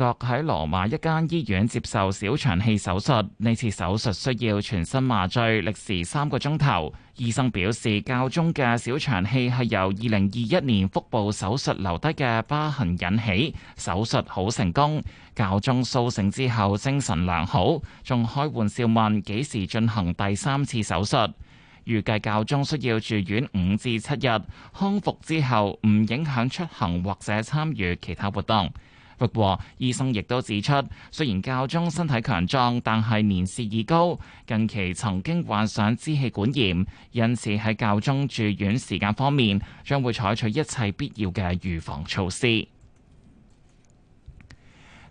昨喺羅馬一間醫院接受小腸氣手術，呢次手術需要全身麻醉，歷時三個鐘頭。醫生表示，教宗嘅小腸氣係由二零二一年腹部手術留低嘅疤痕引起，手術好成功。教宗蘇醒之後精神良好，仲開玩笑問幾時進行第三次手術。預計教宗需要住院五至七日，康復之後唔影響出行或者參與其他活動。不過，醫生亦都指出，雖然教宗身體強壯，但係年事已高，近期曾經患上支氣管炎，因此喺教宗住院時間方面，將會採取一切必要嘅預防措施。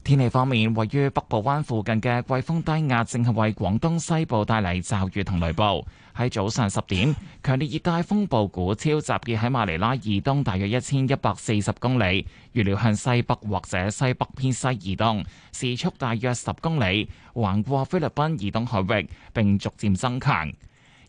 天氣方面，位於北部灣附近嘅季風低壓正係為廣東西部帶嚟驟雨同雷暴。喺早上十點，強烈熱帶風暴古超集結喺馬尼拉以東大約一千一百四十公里，預料向西北或者西北偏西移動，時速大約十公里，橫過菲律賓以東海域並逐漸增強。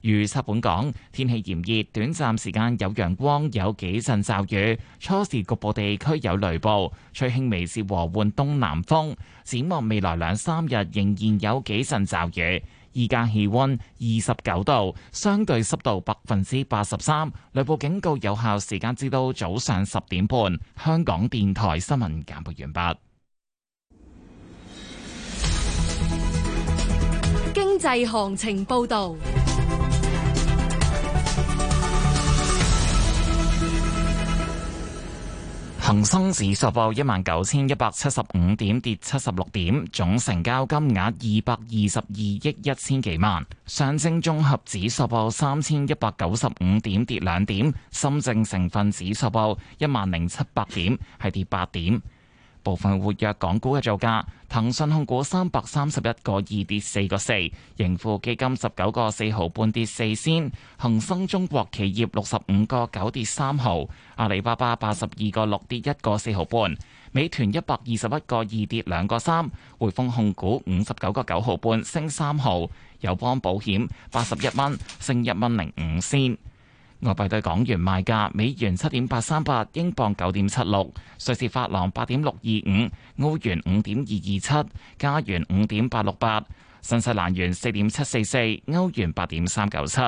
預測本港天氣炎熱，短暫時間有陽光，有幾陣驟雨，初時局部地區有雷暴，吹輕微至和緩東南風。展望未來兩三日，仍然有幾陣驟雨。而家氣溫二十九度，相對濕度百分之八十三，雷暴警告有效時間至到早上十點半。香港電台新聞簡報完畢。經濟行情報道。恒生指數報一萬九千一百七十五點，跌七十六點，總成交金額二百二十二億一千幾萬。上證綜合指數報三千一百九十五點，跌兩點。深證成分指數報一萬零七百點，係跌八點。部分活躍港股嘅造價，騰訊控股三百三十一個二跌四個四，盈富基金十九個四毫半跌四仙，恒生中國企業六十五個九跌三毫，阿里巴巴八十二個六跌一個四毫半，美團一百二十一個二跌兩個三，匯豐控股五十九個九毫半升三毫，友邦保險八十一蚊升一蚊零五仙。外幣對港元賣價：美元七點八三八，英鎊九點七六，瑞士法郎八點六二五，歐元五點二二七，加元五點八六八，新西蘭元四點七四四，歐元八點三九七。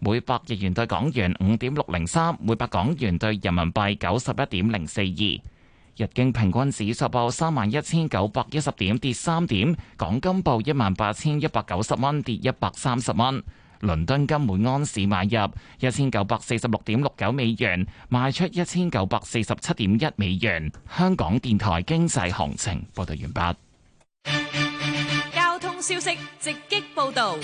每百日元對港元五點六零三，每百港元對人民幣九十一點零四二。日經平均指數報三萬一千九百一十點，跌三點。港金報一萬八千一百九十蚊，跌一百三十蚊。倫敦金每安士買入一千九百四十六點六九美元，賣出一千九百四十七點一美元。香港電台經濟行情報道完畢。交通消息直擊報道。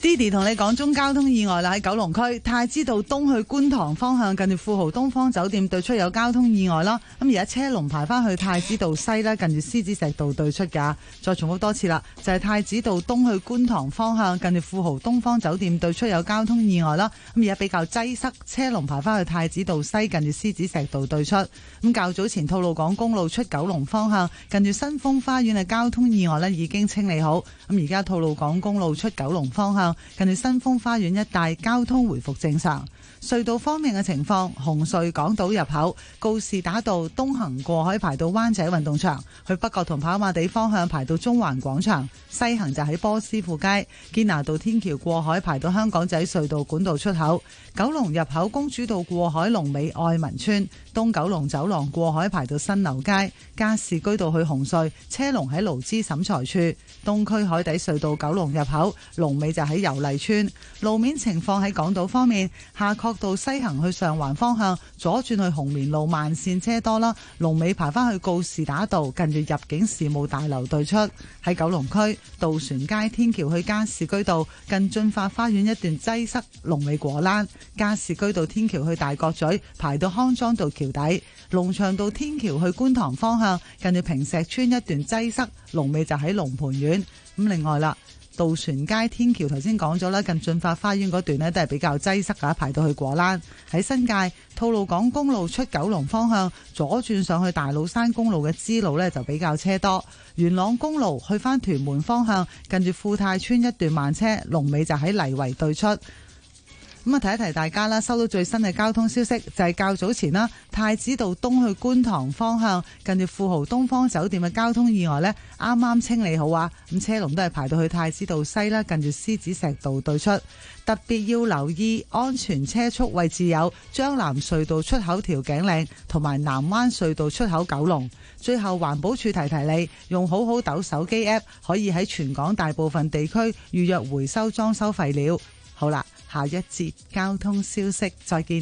Didi 同你講中交通意外啦，喺九龍區太子道東去觀塘方向，近住富豪東方酒店對出有交通意外啦。咁而家車龍排翻去太子道西呢，近住獅子石道對出㗎。再重複多次啦，就係、是、太子道東去觀塘方向，近住富豪東方酒店對出有交通意外啦。咁而家比較擠塞，車龍排翻去太子道西，近住獅子石道對出。咁較早前吐露港公路出九龍方向，近住新豐花園嘅交通意外呢，已經清理好。咁而家吐露港公路出九龍方向。近住新豐花園一帶交通回復正常，隧道方面嘅情況，紅隧港島入口告士打道東行過海排到灣仔運動場，去北角同跑馬地方向排到中環廣場；西行就喺波斯富街堅拿道天橋過海排到香港仔隧道管道出口。九龍入口公主道過海龍尾愛民村，東九龍走廊過海排到新樓街，加士居道去紅隧車龍喺勞資審裁處，東區海底隧道九龍入口龍尾就喺油麗村。路面情況喺港島方面，夏悫道西行去上環方向，左轉去紅棉路慢線車多啦，龍尾排翻去告士打道，近住入境事務大樓對出喺九龍區，渡船街天橋去加士居道近駿發花園一段擠塞龍，龍尾果欄。加士居道天橋去大角咀，排到康莊道橋底；龍翔道天橋去觀塘方向，近住坪石村一段擠塞，龍尾就喺龍蟠苑。咁另外啦，渡船街天橋頭先講咗啦，近駿發花園嗰段呢都係比較擠塞噶，排到去果欄。喺新界吐露港公路出九龍方向，左轉上去大老山公路嘅支路呢就比較車多。元朗公路去翻屯門方向，近住富泰村一段慢車，龍尾就喺泥圍對出。咁啊，提一提大家啦，收到最新嘅交通消息，就係較早前啦，太子道東去觀塘方向，近住富豪東方酒店嘅交通意外咧，啱啱清理好啊，咁車龍都係排到去太子道西啦，近住獅子石道對出。特別要留意安全車速位置有將軍澳隧道出口調景嶺，同埋南灣隧道出口九龍。最後，環保署提提你，用好好鬥手機 app，可以喺全港大部分地區預約回收裝修廢料。好啦。下一節交通消息，再見。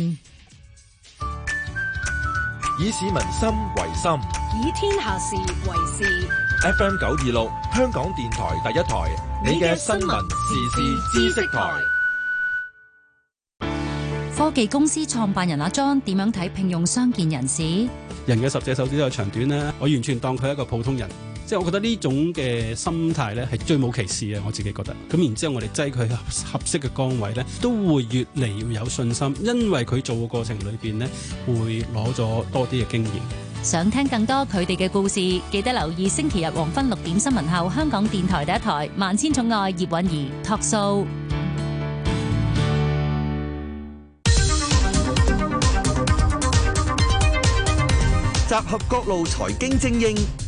以市民心為心，以天下事為事。F M 九二六，26，香港電台第一台，你嘅新聞時事知識台。科技公司創辦人阿莊點樣睇聘用傷健人士？人嘅十隻手指都有長短呢？我完全當佢係一個普通人。即係我覺得呢種嘅心態咧，係最冇歧視嘅。我自己覺得。咁然之後，我哋擠佢合適嘅崗位咧，都會越嚟越有信心，因為佢做嘅過程裏邊咧，會攞咗多啲嘅經驗。想聽更多佢哋嘅故事，記得留意星期日黃昏六點新聞後，香港電台第一台《萬千寵愛》葉韻儀託數，集合各路財經精英。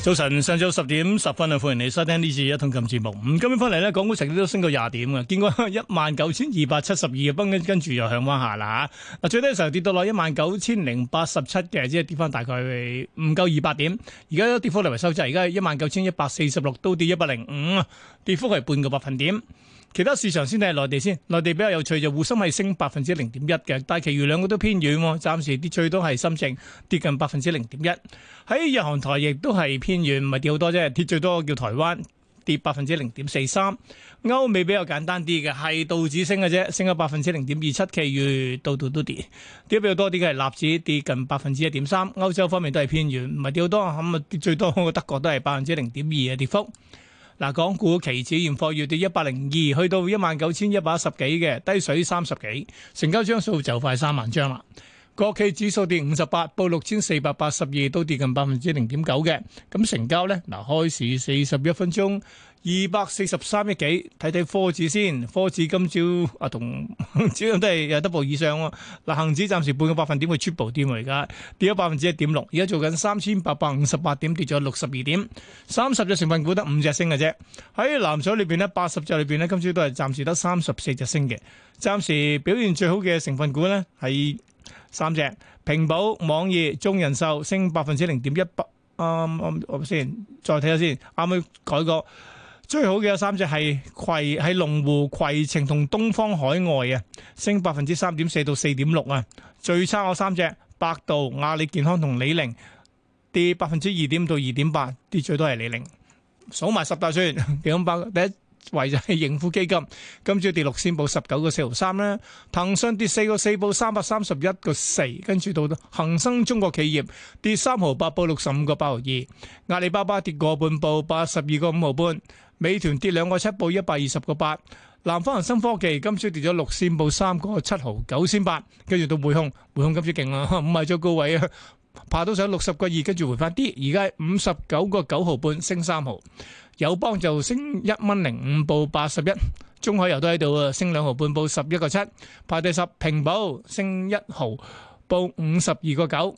早晨，上晝十點十分啊，歡迎你收聽呢次一桶金節目。咁今日翻嚟，呢港股成績都升到廿點嘅，見過一萬九千二百七十二，跟跟住又向翻下啦吓。嗱，最低嘅時候跌到落一萬九千零八十七嘅，即係跌翻大概唔夠二百點。而家跌幅嚟為收窄，而家一萬九千一百四十六都跌一百零五，跌幅係半個百分點。其他市場先睇內地先，內地比較有趣就滬深係升百分之零點一嘅，但係其餘兩個都偏遠喎。暫時跌最多係深圳，跌近百分之零點一。喺日韓台亦都係偏遠，唔係跌好多啫。跌最多叫台灣跌百分之零點四三。歐美比較簡單啲嘅係道指升嘅啫，升咗百分之零點二七，其餘度度都跌，跌比較多啲嘅係納指跌近百分之一點三。歐洲方面都係偏遠，唔係跌好多，咁啊跌最多個德國都係百分之零點二嘅跌幅。嗱，港股期指現貨月跌一百零二，去到一萬九千一百一十幾嘅，低水三十幾，成交張數就快三萬張啦。國企指數跌五十八，報六千四百八十二，都跌近百分之零點九嘅。咁成交呢，嗱，開市四十一分鐘。二百四十三億幾？睇睇科指先，科指今朝啊同主要都係有 double 以上喎。嗱，恒指暫時半個百分點會 triple 跌啊，而家跌咗百分之一點六，而家做緊三千八百五十八點，跌咗六十二點。三十隻成分股得五隻升嘅啫。喺藍籌裏邊咧，八十隻裏邊咧，今朝都係暫時得三十四隻升嘅。暫時表現最好嘅成分股咧係三隻，平保、網易、中人壽，升百分之零點一。啱啱我先再睇下先，啱啱改個。最好嘅有三隻係葵龍，喺龍湖攜程同東方海外啊，升百分之三點四到四點六啊。最差有三隻，百度、阿里健康同李寧跌百分之二點到二點八，跌最多係李寧。數埋十大串，兩百第一位就係盈富基金，今朝跌六仙報十九個四毫三啦。騰訊跌四個四報三百三十一個四，跟住到恒生中國企業跌三毫八報六十五個八毫二，阿里巴巴跌過半報八十二個五毫半。美團跌兩個七，報一百二十個八。南方恒生科技今朝跌咗六線，報三個七毫九千八。跟住到匯控，匯控今朝勁啊，唔係最高位啊，爬到上六十個二，跟住回翻啲，而家五十九個九毫半，升三毫。友邦就升一蚊零五，報八十一。中海油都喺度啊，升兩毫半，報十一個七。排第十，平保升一毫，報五十二個九。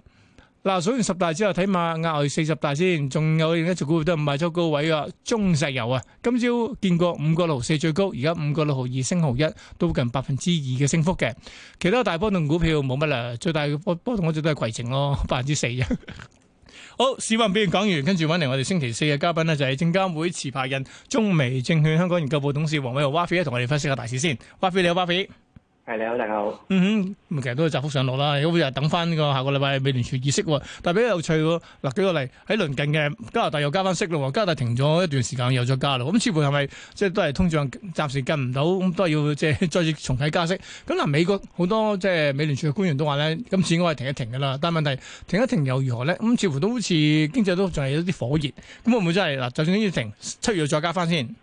嗱，數、啊、完十大之後，睇埋額外四十大先，仲有另一隻股票都唔賣咗高位啊，中石油啊，今朝見過五個六毫四最高，而家五個六毫二升毫一，都近百分之二嘅升幅嘅。其他大波動股票冇乜啦，最大波波動我哋都係携程咯，百分之四啫。 好，市況表現講完，跟住搵嚟我哋星期四嘅嘉賓呢，就係證監會持牌人中微證券香港研究部董事王偉和。Wafi 咧，同我哋分析下大市先。Wafi 你好，Wafi。歐歐係你好，大家好。嗯哼，咁其實都係窄幅上落啦。如果又等翻呢個下個禮拜美聯儲議息，但係比較有趣喎。嗱，舉個例，喺鄰近嘅加拿大又加翻息啦，加拿大停咗一段時間又再加啦。咁似乎係咪即係都係通脹暫時跟唔到，咁都要即係再重啟加息？咁嗱，美國好多即係美聯儲嘅官員都話咧，今次應該係停一停噶啦。但係問題停一停又如何咧？咁似乎都好似經濟都仲係有啲火熱，咁會唔會真係嗱？就算呢啲停，七月再加翻先。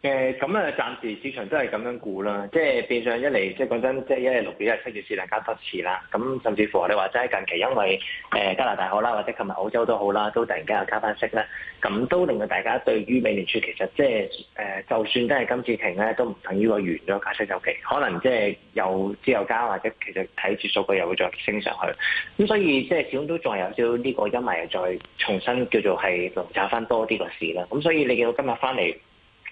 誒咁啊，暫時市場都係咁樣估啦，即係變相一嚟，即係講真，即係一日六月，一日七月市，加多次啦。咁甚至乎你話真係近期因為、呃、加拿大好啦，或者琴日澳洲都好啦，都突然間又加返息啦，咁都令到大家對於美聯儲其實即係、呃、就算真係今次停咧，都唔等於個完咗加息周期，可能即係又之後加或者其實睇住數據又會再升上去。咁所以即係始終都仲有少呢個陰霾，再重新叫做係籠罩翻多啲個市啦。咁所以你見到今日翻嚟。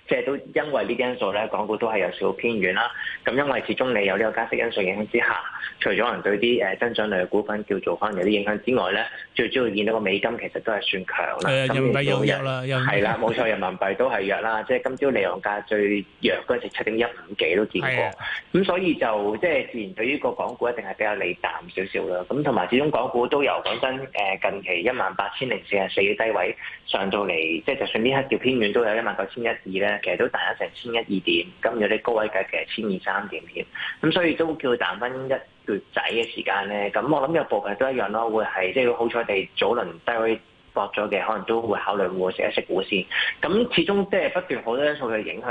即係都因為呢啲因素咧，港股都係有少少偏軟啦。咁因為始終你有呢個加息因素影響之下，除咗可能對啲誒增長類嘅股份叫做可能有啲影響之外咧，最主要見到個美金其實都係算強有有有對啦。誒，啦，冇錯，人民幣都係弱啦。即係今朝離岸價最弱嗰陣七點一五幾都見過。咁所以就即係自然對於個港股一定係比較利淡少少啦。咁同埋始終港股都有講真誒，近期一萬八千零四十四嘅低位上到嚟，即係就算呢一刻叫偏軟都有一萬九千一二咧。其實都大咗成千一二點，今日啲高位價其實千二三點添，咁所以都叫佢彈翻一月仔嘅時間咧。咁我諗有部分都一樣咯，會係即係好彩地早輪低位搏咗嘅，可能都會考慮會食一食股先。咁始終即係不斷好多因素去影響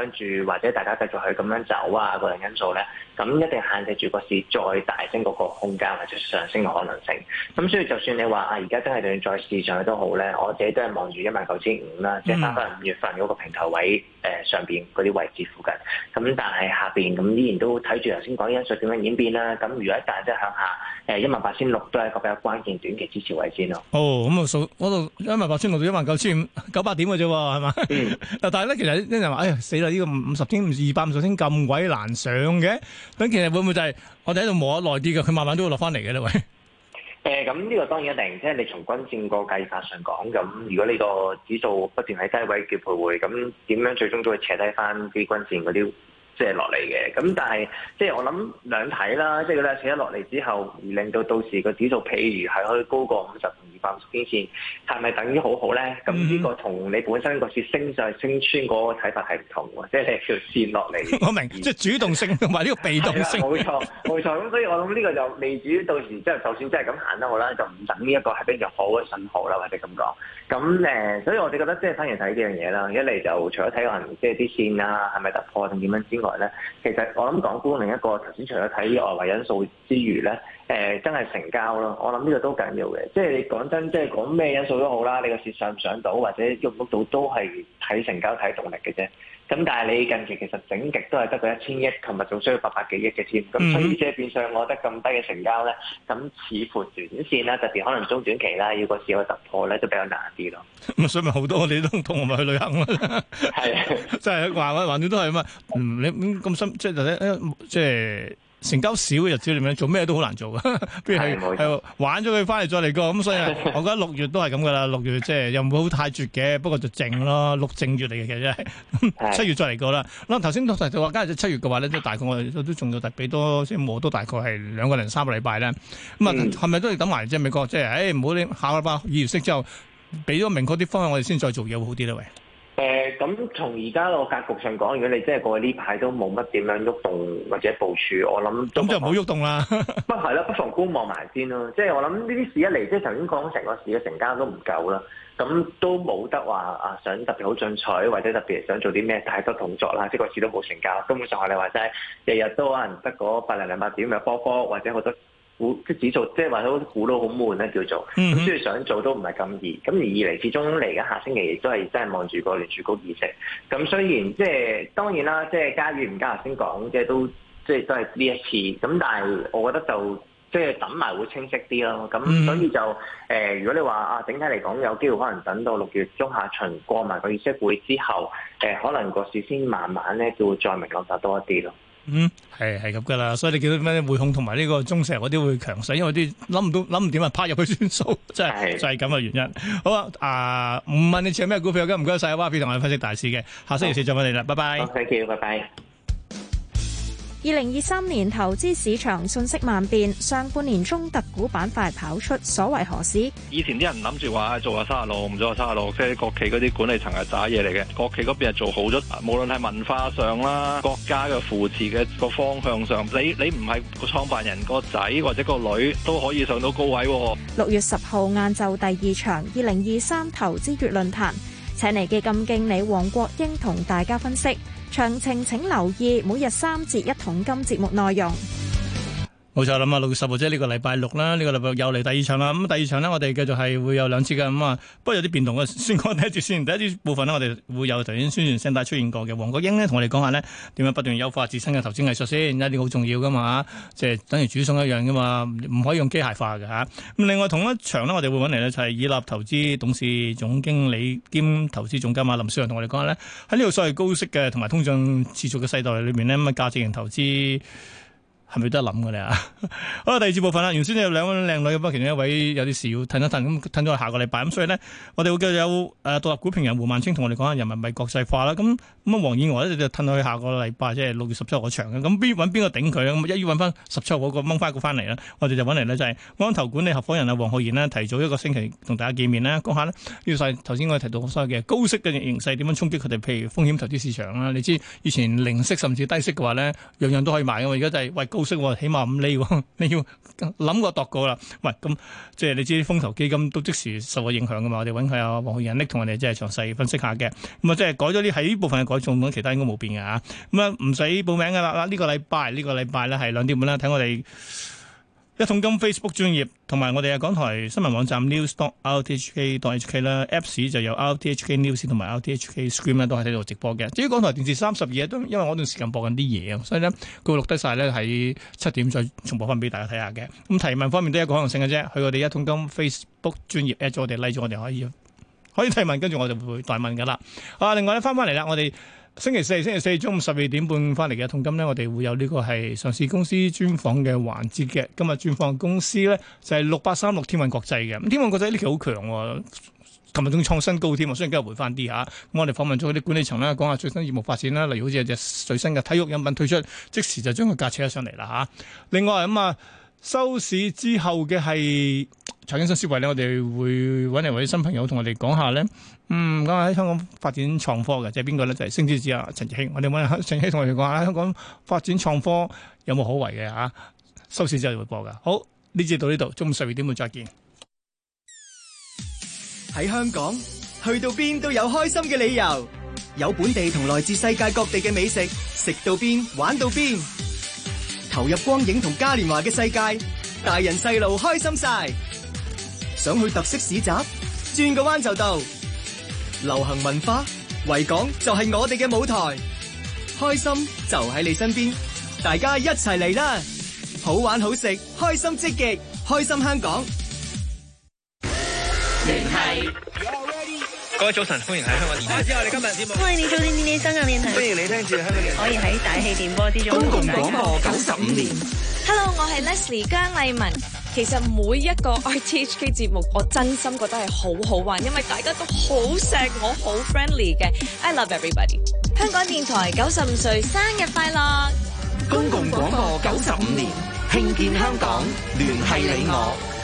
住，或者大家繼續去咁樣走啊，個人因素咧，咁一定限制住個市再大升嗰個空間或者上升嘅可能性。咁所以就算你話啊，而家真係要再試上去都好咧，我自己都係望住一萬九千五啦，即係翻翻五月份嗰個平頭位。誒上邊嗰啲位置附近，咁但係下邊，咁依然都睇住頭先講因素點樣演變啦。咁如果一旦即向下，誒一萬八千六都係一個比較關鍵短期支持位先咯。哦，咁啊數嗰度一萬八千六到一萬九千五九百點嘅啫喎，係嘛？嗯、但係咧、哎這個，其實呢人話：哎呀，死啦！呢個五十天、二百五十天咁鬼難上嘅。咁其實會唔會就係我哋喺度磨耐啲嘅？佢慢慢都會落翻嚟嘅啦，喂。誒，咁呢個當然一定，即係你從均線個計法上講，咁如果呢個指數不斷喺低位叫徘徊，咁點樣最終都會扯低翻啲均線嗰啲即係落嚟嘅。咁但係即係我諗兩睇啦，即係咧扯咗落嚟之後，而令到到時個指數譬如係可以高過五十五。慢線係咪等於好好咧？咁呢、嗯、個同你本身個線升上去、升穿嗰個睇法係唔同喎，即係你係叫線落嚟。我明，即係主動性同埋呢個被動性。 冇錯，冇 錯。咁所以我諗呢個就未至於到時，即係就算真係咁行得，好啦，就唔等呢一個係比較好嘅信號啦，或者咁講。咁誒，所以我哋覺得即係反而睇呢樣嘢啦。一嚟就除咗睇可能即係啲線啊，係咪突破定點樣之外咧，其實我諗港股另一個頭先，剛才除咗睇外圍因素之餘咧。誒，真係成交咯！我諗呢個都緊要嘅，即係你講真，即係講咩因素都好啦。你個市上唔上到，或者喐唔喐到，都係睇成交睇動力嘅啫。咁但係你近期其實整極都係得到一千億，琴日仲需要八百幾億嘅添。咁所以即係變相我覺得咁低嘅成交咧，咁似乎短線啦，特別可能中短期啦，要個市去突破咧，都比較難啲咯。咁所以咪好多你都同我咪去旅行咯？係，即係一個環環都係啊嘛。嘛嗯、你咁、嗯、深，即係即係。即成交少嘅日子，你咪做咩都好難做嘅。不如係玩咗佢翻嚟再嚟過，咁所以我覺得六月都係咁噶啦。六月即係又唔好太絕嘅，不過就靜咯，六靜月嚟嘅其實。七月再嚟過啦。嗱對，頭先都提就話，今日就七月嘅話咧，都大概我哋都仲要提俾多，即係冇多大概係兩個零三個禮拜咧。咁啊，係咪都要等埋即先？美國即係，誒，唔好下個禮拜二議息之後，俾咗明確啲方向，我哋先再做嘢會好啲咧？喂。咁、嗯、從而家個格局上講，如果你真係過去呢排都冇乜點樣喐動，動或者部署，我諗咁就唔好喐動 採訊啦。不係啦，不妨觀望埋先咯。即係我諗呢啲市一嚟，即係頭先講成個市嘅成交都唔夠啦，咁都冇得話啊想特別好進取或者特別想做啲咩太多動作啦。即係個市都冇成交，根本上係你話齋日日都可能得嗰百零兩百點嘅波波或者好多。股即指數，即係話都股都好悶咧，叫做咁，所以、mm hmm。想做都唔係咁易。咁而二嚟，始終嚟而下星期都係真係望住個聯儲局議息。咁雖然即係當然啦，即係加與唔加頭先講，即係都即係都係呢一次。咁但係我覺得就即係等埋會清晰啲咯。咁所以就誒、呃，如果你話啊，整體嚟講有機會可能等到六月中下旬過埋個議息會之後，誒、呃、可能個市先慢慢咧就會再明朗化多一啲咯。嗯，係係咁噶啦，所以你見到咩匯控同埋呢個中石油，嗰啲會強勢，因為啲諗唔到諗唔掂啊，拍入去算數，即係就係咁嘅原因。好啊，唔、呃、問你持咩股票啦，唔該晒，蛙皮同我哋分析大市嘅，下星期四再翻你啦，拜拜。好，thank you，拜拜。二零二三年投資市場瞬息萬變，上半年中特股板塊跑出，所為何事？以前啲人諗住話做下三十六，唔做三十六，即係國企嗰啲管理層係打嘢嚟嘅。國企嗰邊係做好咗，無論係文化上啦，國家嘅扶持嘅個方向上，你你唔係個創辦人個仔或者個女都可以上到高位。六月十號晏晝第二場二零二三投資月論壇，請嚟嘅基金經理黃國英同大家分析。詳情請留意每日三節一桶金節目內容。冇錯啦嘛，六月十號即係呢個禮拜六啦，呢、這個禮拜六又嚟第二場啦。咁第二場呢，我哋繼續係會有兩次㗎。咁啊，不過有啲變動嘅，先講第一節先。第一節部分呢，我哋會有頭先宣傳聲帶出現過嘅。黃國英呢。同我哋講下呢，點樣不斷優化自身嘅投資藝術先，一啲好重要噶嘛。即、就、係、是、等於煮餸一樣噶嘛，唔可以用機械化嘅吓。咁、啊、另外同一場呢，我哋會搵嚟呢就係以立投資董事總經理兼投資總監阿林少陽同我哋講下呢，喺呢個所謂高息嘅同埋通脹持續嘅世代裏面呢，咁啊，價值型投資。係咪都得諗嘅咧？是是 好啦，第二節部分啦。原先有兩位靚女，咁啊，其中一位有啲事要褪一褪，咁褪咗下個禮拜。咁所以呢，我哋會繼續有誒獨立股評人胡萬清同我哋講下人民幣國際化啦。咁咁啊，黃燕娥咧就褪去下個禮拜，即係六月十七號嘅場。咁邊揾邊個頂佢？咁一於揾翻十七號個掹翻個翻嚟啦。我哋就揾嚟呢，就係安投管理合伙人啊黃浩然呢，提早一個星期同大家見面啦。講下呢，要晒頭先我哋提到所有嘅高息嘅形勢點樣衝擊佢哋，譬如風險投資市場啦。你知以前零息甚至低息嘅話呢，樣樣都可以買嘛。而家就係、是、喂好識喎，起碼五厘喎，你要諗過度過啦。喂，咁即係你知啲風投基金都即時受咗影響㗎嘛？我哋揾下黃仁力同我哋即係詳細分析下嘅。咁啊，即係改咗啲喺呢部分嘅改動，本其他應該冇變㗎。咁啊，唔使報名㗎啦。呢、呢個禮拜，呢、呢個禮拜咧係兩點半啦，睇我哋。一桶金 Facebook 專頁同埋我哋嘅港台新聞網站 news dot rthk dot hk 啦，Apps 就有 rthk news 同埋 rthk screen 都係喺度直播嘅。至於港台電視三十二嘢都，因為我段時間播緊啲嘢，所以咧佢會錄得晒咧，喺七點再重播翻俾大家睇下嘅。咁提問方面都有個可能性嘅啫，去我哋一桶金 Facebook 專頁 at 咗我哋，like 咗、 like、我哋可以可以提問，跟住我就會代問噶啦。啊，另外咧翻返嚟啦，我哋。星期四，星期四中午十二點半翻嚟嘅，同今咧，我哋會有呢個係上市公司專訪嘅環節嘅。今日專訪公司咧就係六百三六天運國際嘅。咁天運國際呢期好強，哦，琴日仲創新高添，雖然今日回翻啲下，咁、啊、我哋訪問咗啲管理層啦，講下最新業務發展啦，例如好似有隻最新嘅體育飲品推出，即時就將佢架車上嚟啦，啊、另外咁啊，收市之後嘅係財經新思維咧，我哋會搵嚟位新朋友同我哋講下咧。嗯，咁喺香港發展創科嘅，就係邊個咧？就係星之子啊，陳奕興。我哋問下陳奕興同佢哋講，喺香港發展創科有冇可為嘅吓？收市之後就會播噶。好，呢節到呢度，中午十二點會再見。喺香港，去到邊都有開心嘅理由，有本地同來自世界各地嘅美食，食到邊玩到邊，投入光影同嘉年華嘅世界，大人細路開心晒。想去特色市集，轉個彎就到。流行文化，維港就係我哋嘅舞台，開心就喺你身邊，大家一齊嚟啦！好玩好食，開心積極，開心香港。Re 各位早晨，歡迎喺香港電台。我哋今日歡迎你今日，歡迎你早啲練起身啊！聯繫歡迎你聽住香港電台，可以喺大氣電波之中。公共廣播九十五年。年 Hello，我係 Leslie 姜麗文。其實每一個 RTHK 節目，我真心覺得係好好玩，因為大家都好錫我，好 friendly 嘅。I love everybody！香港電台九十五歲生日快樂！公共廣播九十五年慶建香港，聯繫你我。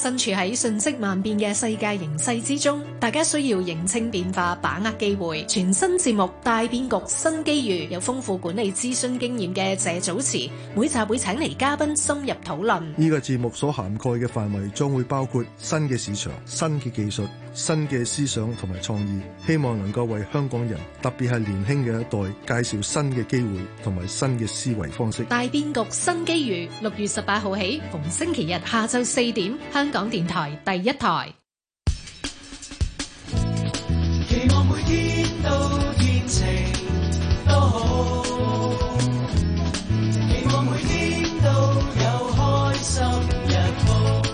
身處喺瞬息萬變嘅世界形勢之中，大家需要認清變化，把握機會。全新節目大變局，新機遇，有豐富管理諮詢經驗嘅謝祖慈，每集會請嚟嘉賓深入討論。呢個節目所涵蓋嘅範圍，將會包括新嘅市場、新嘅技術。新嘅思想同埋創意，希望能夠為香港人，特別係年輕嘅一代，介紹新嘅機會同埋新嘅思維方式。大變局新機遇，六月十八號起，逢星期日下晝四點，香港電台第一台。希望每天都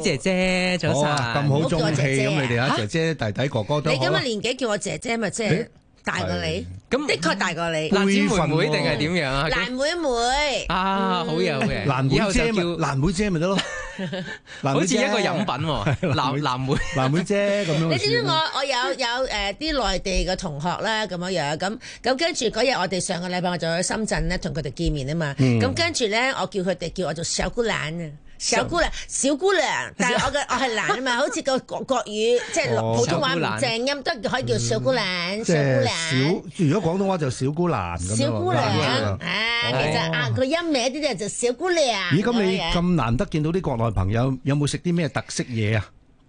姐姐，早晨啊？咁好中氣咁你哋啊？姐姐、弟弟、哥哥都你咁嘅年紀，叫我姐姐咪即係大過你。咁的確大過你。會妹妹定係點樣啊？藍妹妹啊，好有嘅。以後就叫藍妹姐咪得咯。好似一個飲品喎。藍藍妹藍妹姐咁樣。你知唔知我我有有誒啲內地嘅同學咧，咁樣樣咁咁，跟住嗰日我哋上個禮拜我就喺深圳咧，同佢哋見面啊嘛。咁跟住咧，我叫佢哋叫我做小姑娘啊。小姑娘，小姑娘，但係我嘅，我係男啊嘛， 好似個國國語即係普通話唔正音都、哦、可以叫小姑娘，小姑娘。如果廣東話就小姑娘。咁小姑娘，其實啊，個、哦、音名啲人就小姑娘。咦，咁你咁難得見到啲國內朋友，有冇食啲咩特色嘢啊？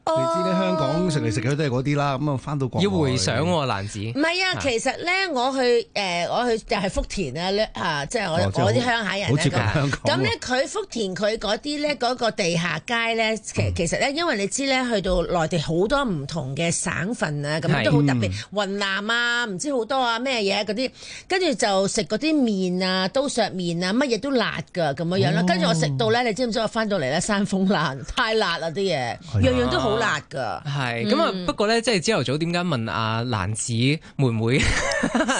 你知啲、oh, 香港食嚟食去都係嗰啲啦，咁啊翻到國要回想喎，蘭子。唔係啊，啊其實咧我去誒、呃、我去就係福田啊，即係我嗰啲、哦、鄉下人好似、哦、香港。咁咧佢福田佢嗰啲咧嗰個地下街咧，其其實咧因為你知咧去到內地好多唔同嘅省份啊，咁都好特別。是雲南啊，唔知好多啊咩嘢嗰啲，跟住、啊、就食嗰啲麵啊，刀削麵啊，乜嘢都辣㗎，咁樣樣啦。跟住、oh. 我食到咧，你知唔知我翻到嚟咧生風癩，太辣啦啲嘢，樣、啊、樣都好。好辣噶，係咁啊！不過咧，即係朝頭早點解問阿蘭子妹妹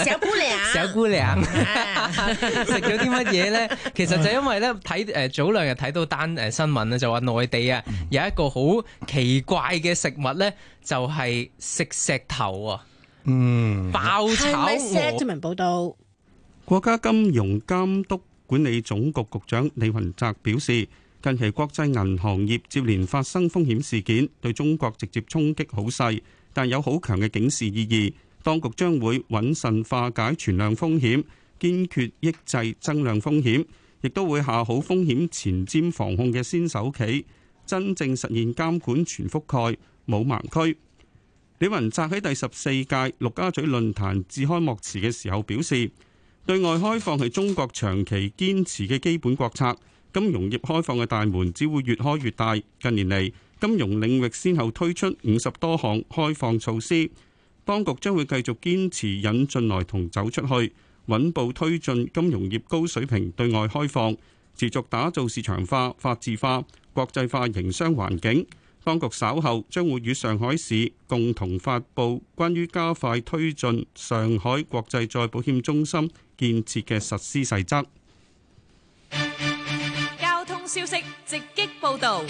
小姑娘？小姑娘食咗啲乜嘢咧？其實就因為咧睇誒早兩日睇到單誒新聞咧，就話內地啊有一個好奇怪嘅食物咧，就係食石頭啊！嗯，爆炒。係咪？謝志明報道，國家金融監督管理總局局長李雲澤表示。近期國際銀行業接連發生風險事件，對中國直接衝擊好細，但有好強嘅警示意義。當局將會穩慎化解存量風險，堅決抑制增量風險，亦都會下好風險前瞻防控嘅先手棋，真正實現監管全覆蓋，冇盲區。李雲澤喺第十四屆陸家嘴論壇致開幕詞嘅時候表示，對外開放係中國長期堅持嘅基本國策。金融業開放嘅大門只會越開越大。近年嚟，金融領域先後推出五十多項開放措施，當局將會繼續堅持引進來同走出去，穩步推進金融業高水平對外開放，持續打造市場化、法治化、國際化營商環境。當局稍後將會與上海市共同發布關於加快推進上海國際再保險中心建設嘅實施細則。消息直擊報道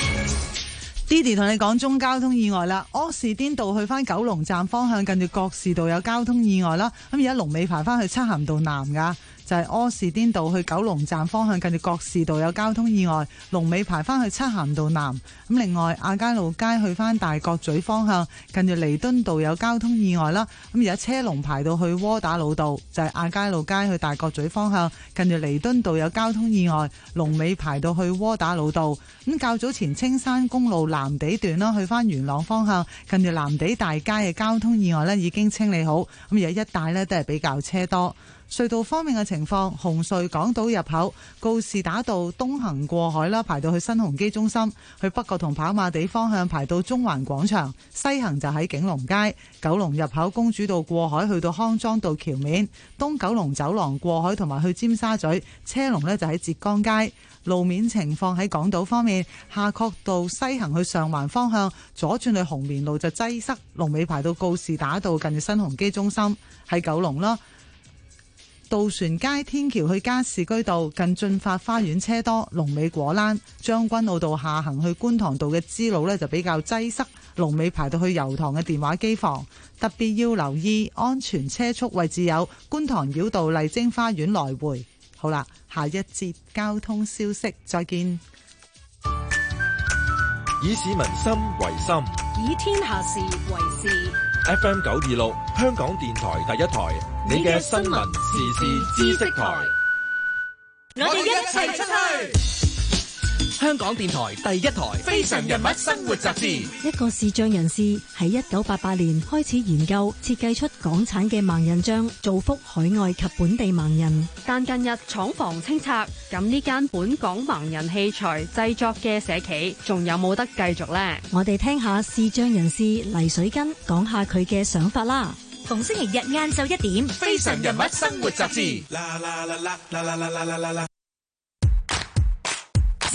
，Didi 同你講中交通意外啦，柯士甸道去翻九龍站方向，近住國士道有交通意外啦，咁而家龍尾排翻去漆咸道南噶。就係柯士甸道去九龍站方向，近住各士道有交通意外，龍尾排翻去漆咸道南。咁另外，亞皆老街去翻大角咀方向，近住彌敦道有交通意外啦。咁而家車龍排到去窩打老道，就係、是、亞皆老街去大角咀方向，近住彌敦道有交通意外，龍尾排到去窩打老道。咁較早前青山公路藍地段啦，去翻元朗方向，近住藍地大街嘅交通意外呢，已經清理好。咁而家一帶呢，都係比較車多。隧道方面嘅情況，紅隧港島入口告士打道東行過海啦，排到去新鴻基中心；去北角同跑馬地方向排到中環廣場，西行就喺景隆街九龍入口公主道過海去到康莊道橋面，東九龍走廊過海同埋去尖沙咀車龍呢就喺浙江街路面情況。喺港島方面，夏愨道西行去上環方向左轉去紅棉路就擠塞，龍尾排到告士打道近住新鴻基中心喺九龍啦。渡船街天橋去加士居道近駿發花園車多，龍尾果欄將軍澳道下行去觀塘道嘅支路呢，就比較擠塞，龍尾排到去油塘嘅電話機房，特別要留意安全車速位置有觀塘繞道麗晶花園來回。好啦，下一節交通消息再見。以市民心為心，以天下事為事。FM 九二六，26，香港電台第一台，你嘅新聞時事知識台，我哋一齊出去。香港電台第一台《非常人物》生活雜誌，一個視障人士喺一九八八年開始研究設計出港產嘅盲人杖，造福海外及本地盲人。但近日廠房清拆，咁呢間本港盲人器材製作嘅社企，仲有冇得繼續呢？我哋聽下視障人士黎水根講下佢嘅想法啦。逢星期日晏晝一點，《非常人物》生活雜誌。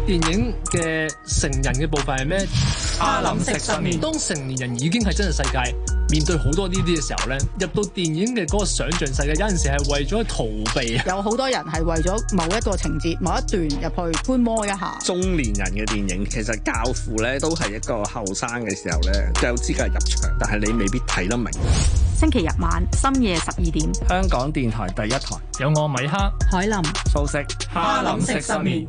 電影嘅成人嘅部分係咩？哈林食生麵。當成年人已經係真實世界面對好多呢啲嘅時候咧，入到電影嘅嗰個想象世界，有陣時係為咗逃避。有好多人係為咗某一個情節、某一段入去觀摩一下。中年人嘅電影其實教父咧，都係一個後生嘅時候咧，都有資格入場，但係你未必睇得明白。星期日晚深夜十二點，香港電台第一台有我米克、海林、素食哈林食生麵。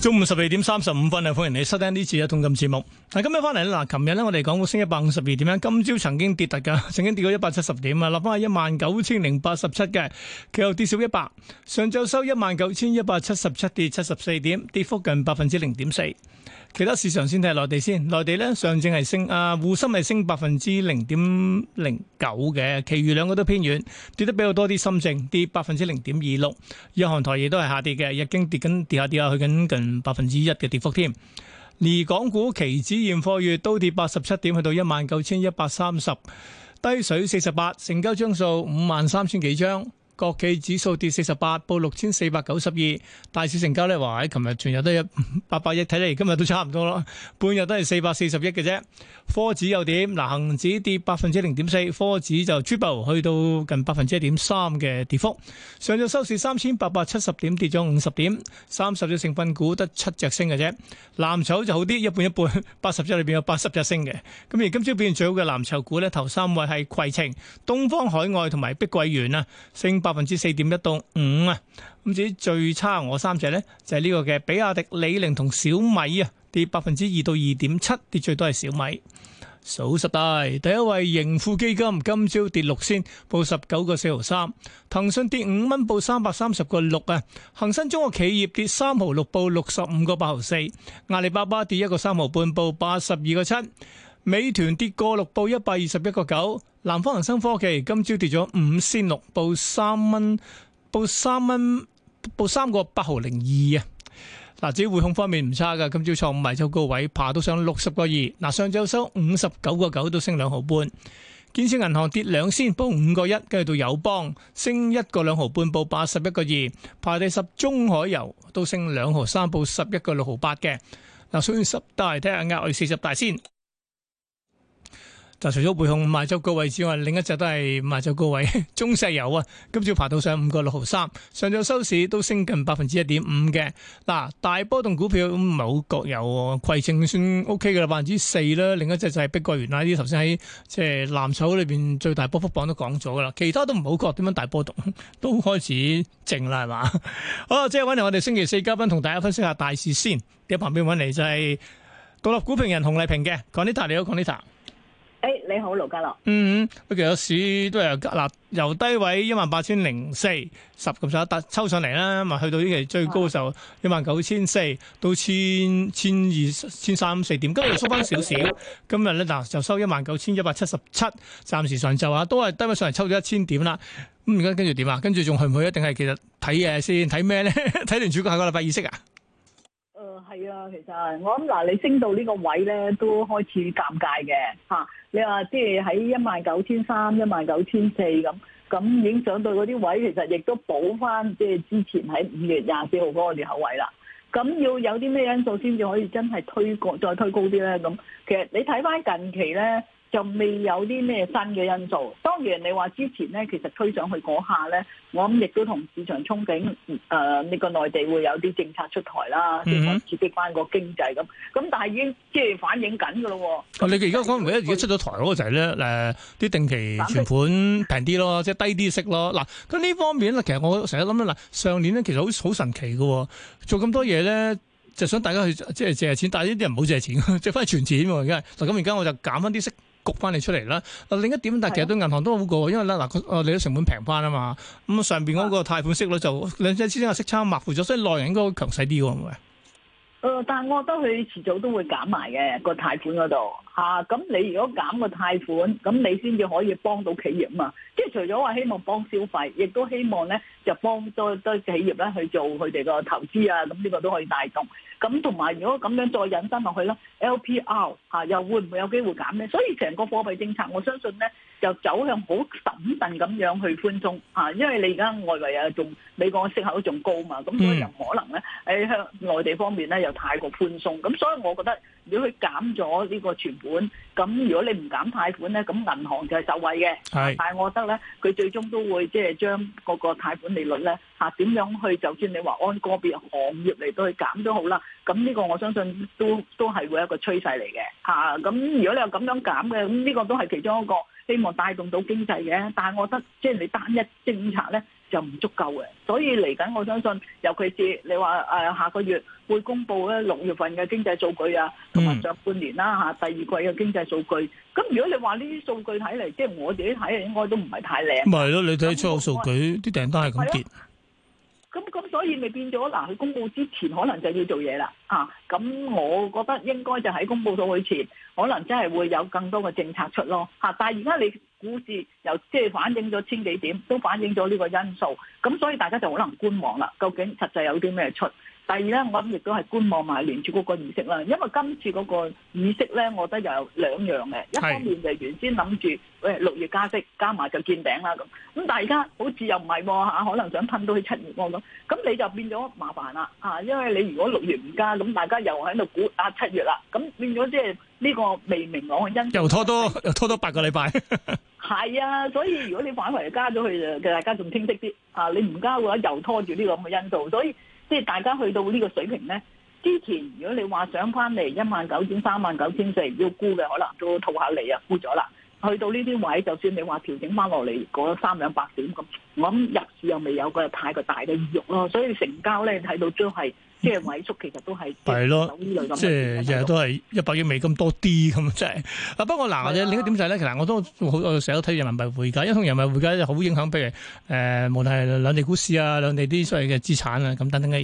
中午十二點三十五分啊，歡迎你收聽呢次嘅《一桶金節目》。嗱，今日翻嚟咧，嗱，琴日咧我哋講升一百五十二點，今朝曾經跌突嘅，曾經跌到一百七十點啊，落翻係一萬九千零八十七嘅，佢又跌少一百，上晝收一萬九千一百七十七跌七十四點，跌幅近百分之零點四。其他市場先睇內地先，內地咧上證係升，啊，滬深係升百分之零點零九嘅，其餘兩個都偏軟，跌得比較多啲。深證跌百分之零點二六，日韓台亦都係下跌嘅，日經跌緊跌下跌下去緊近百分之一嘅跌幅添。而港股期指現貨月都跌八十七點，去到一萬九千一百三十，低水四十八，成交張數五萬三千幾張。國企指數跌四十八，報六千四百九十二。大市成交呢話喺琴日全日都有八百億，睇嚟今日都差唔多囉。半日都係四百四十億嘅啫。科指又點？嗱，恒指跌百分之零點四，科指就 Triple 去到近百分之一點三嘅跌幅。上晝收市三千八百七十點，跌咗五十點。三十隻成分股得七隻升嘅啫。藍籌就好啲，一半一半，八十隻裏邊有八十隻升嘅。咁而今朝表現最好嘅藍籌股呢？頭三位係携程、東方海外同埋碧桂園啊，升百分之四點一到五啊！咁至於最差我三隻呢、這個，就係呢個嘅比亞迪、李寧同小米啊，跌百分之二到二點七，跌最多係小米。數十大第一位盈富基金今朝跌六仙，報十九個四毫三；騰訊跌五蚊，報三百三十個六啊；恒生中國企業跌三毫六，報六十五個八毫四；阿里巴巴跌一個三毫半，報八十二個七。美團跌過六，報一百二十一個九。南方恒生科技今朝跌咗五仙六，報三蚊，報三蚊，報三個八毫零二啊。嗱，至於匯控方面唔差㗎，今朝創埋最高位，爬到上六十個二。嗱，上晝收五十九個九，都升兩毫半。建設銀行跌兩仙，報五個一，跟住到友邦升一個兩毫半，報八十一個二。排第十，中海油都升兩毫三，報十一個六毫八嘅嗱。數完十大，睇下額外四十大先。就除咗匯控賣咗高位之外，另一隻都係賣咗高位中石油啊。今朝爬到上五個六毫三，上晝收市都升近百分之一點五嘅。嗱，大波動股票咁唔係好覺有携程算 O K 㗎啦，百分之四啦。另一隻就係碧桂園啦，呢啲頭先喺即係藍籌裏邊最大波幅榜都講咗噶啦，其他都唔好覺點樣大波動都開始靜啦，係嘛好啦即係搵嚟我哋星期四嘉賓同大家分析下大市先。喺旁邊搵嚟就係獨立股評人洪麗平嘅，Conita 你好 Conita 你好，盧家樂。嗯嗯，其實有市都由嗱，由低位一萬八千零四十咁上下突抽上嚟啦，咁啊去到呢期最高就一萬九千四到千千二千三四點，的今日收翻少少。今日咧，嗱，就收一萬九千一百七十七，暫時上晝啊都係低位上嚟抽咗一千點啦。咁而家跟住點啊？跟住仲去唔去？一定係其實睇嘢先，睇咩咧？睇完主角下個禮拜議息啊？誒，係啊，其實我諗嗱、呃，你升到呢個位咧，都開始尷尬嘅吓。啊你話即係喺一萬九千三、一萬九千四咁，咁已經上到嗰啲位，其實亦都補翻即係之前喺五月廿四號嗰個裂口位啦。咁要有啲咩因素先至可以真係推高、再推高啲咧？咁其實你睇翻近期咧。就未有啲咩新嘅因素。當然你話之前咧，其實推上去嗰下咧，我諗亦都同市場憧憬，誒呢個內地會有啲政策出台啦，啲刺激翻個經濟咁。咁但係已經即係反映緊㗎咯。你而家講唔而家出咗台嗰個就係咧，啲定期存款平啲咯，即係低啲息咯。嗱咁呢方面咧，其實我成日諗咧，嗱上年咧其實好好神奇㗎喎。做咁多嘢咧，就想大家去即係借錢，但係呢啲人唔好借錢， 借翻去存錢喎，而家咁而家我就減翻啲息。焗翻你出嚟啦！另一點，但係其實對銀行都好過，因為咧嗱，佢啊你啲成本平翻啊嘛，咁上邊嗰個貸款息率就、啊、兩隻之間嘅息差抹平咗，所以內銀應該強勢啲嘅，係、呃、但係我覺得佢遲早都會減埋嘅個貸款嗰度。嚇咁你如果減個貸款，咁你先至可以幫到企業嘛？即係除咗話希望幫消費，亦都希望咧就幫多多企業咧去做佢哋個投資啊！咁呢個都可以帶動。咁同埋如果咁樣再引申落去啦，LPR 嚇又會唔會有機會減咧？所以成個貨幣政策，我相信咧就走向好審慎咁樣去寬鬆嚇，因為你而家外圍啊仲美國息口仲高嘛，咁所以又可能咧喺向內地方面咧又太過寬鬆。咁所以我覺得如果佢減咗呢個全款咁如果你唔減貸款咧，咁銀行就係受惠嘅。係，但係我覺得咧，佢最終都會即係將嗰個貸款利率咧嚇點樣去，就算你話按個別行業嚟到去減都好啦。咁呢個我相信都都係會一個趨勢嚟嘅嚇。咁如果你有咁樣減嘅，咁呢個都係其中一個希望帶動到經濟嘅。但係我覺得即係你單一政策咧。就唔足夠嘅，所以嚟緊我相信，尤其是你話誒下個月會公布咧六月份嘅經濟數據啊，同埋上半年啦嚇第二季嘅經濟數據。咁如果你話呢啲數據睇嚟，即係我自己睇啊，應該都唔係太靚。咪係咯，你睇出口數據啲訂單係咁跌。咁咁所以咪變咗嗱，佢公布之前可能就要做嘢啦，啊，咁我覺得應該就喺公布到佢前，可能真係會有更多嘅政策出咯，啊，但係而家你股市又即係、就是、反映咗千幾點，都反映咗呢個因素，咁所以大家就可能觀望啦，究竟實際有啲咩出？第二咧，我諗亦都係觀望埋聯儲嗰個議息啦。因為今次嗰個議息咧，我覺得又有兩樣嘅。一方面就原先諗住，誒六月加息加埋就見頂啦咁。咁但係而家好似又唔係喎嚇，可能想撐到七月噃咁。咁你就變咗麻煩啦嚇，因為你如果六月唔加，咁大家又喺度估押七月啦。咁變咗即係呢個未明朗嘅因，又拖多又拖多八個禮拜。係啊，所以如果你反而加咗去就大家仲清晰啲嚇。你唔加嘅話，又拖住呢個咁嘅因素，所以。即係大家去到呢個水平呢，之前如果你話想翻嚟一萬九千三萬九千四，要沽嘅可能都套下嚟啊，沽咗啦。去到呢啲位，就算你話調整翻落嚟嗰三兩百點咁，我諗入市又未有個太過大嘅意欲咯，所以成交呢，你睇到都係。即係萎縮，其實都係係咯，即係日日都係一百億美金多啲咁，即係啊！不過嗱，的或者另外一點就係咧，其實我都好我成日都睇人民幣匯價，因為人民幣匯價好影響，譬如誒、呃，無論係兩地股市啊、兩地啲所謂嘅資產啊咁等等嘅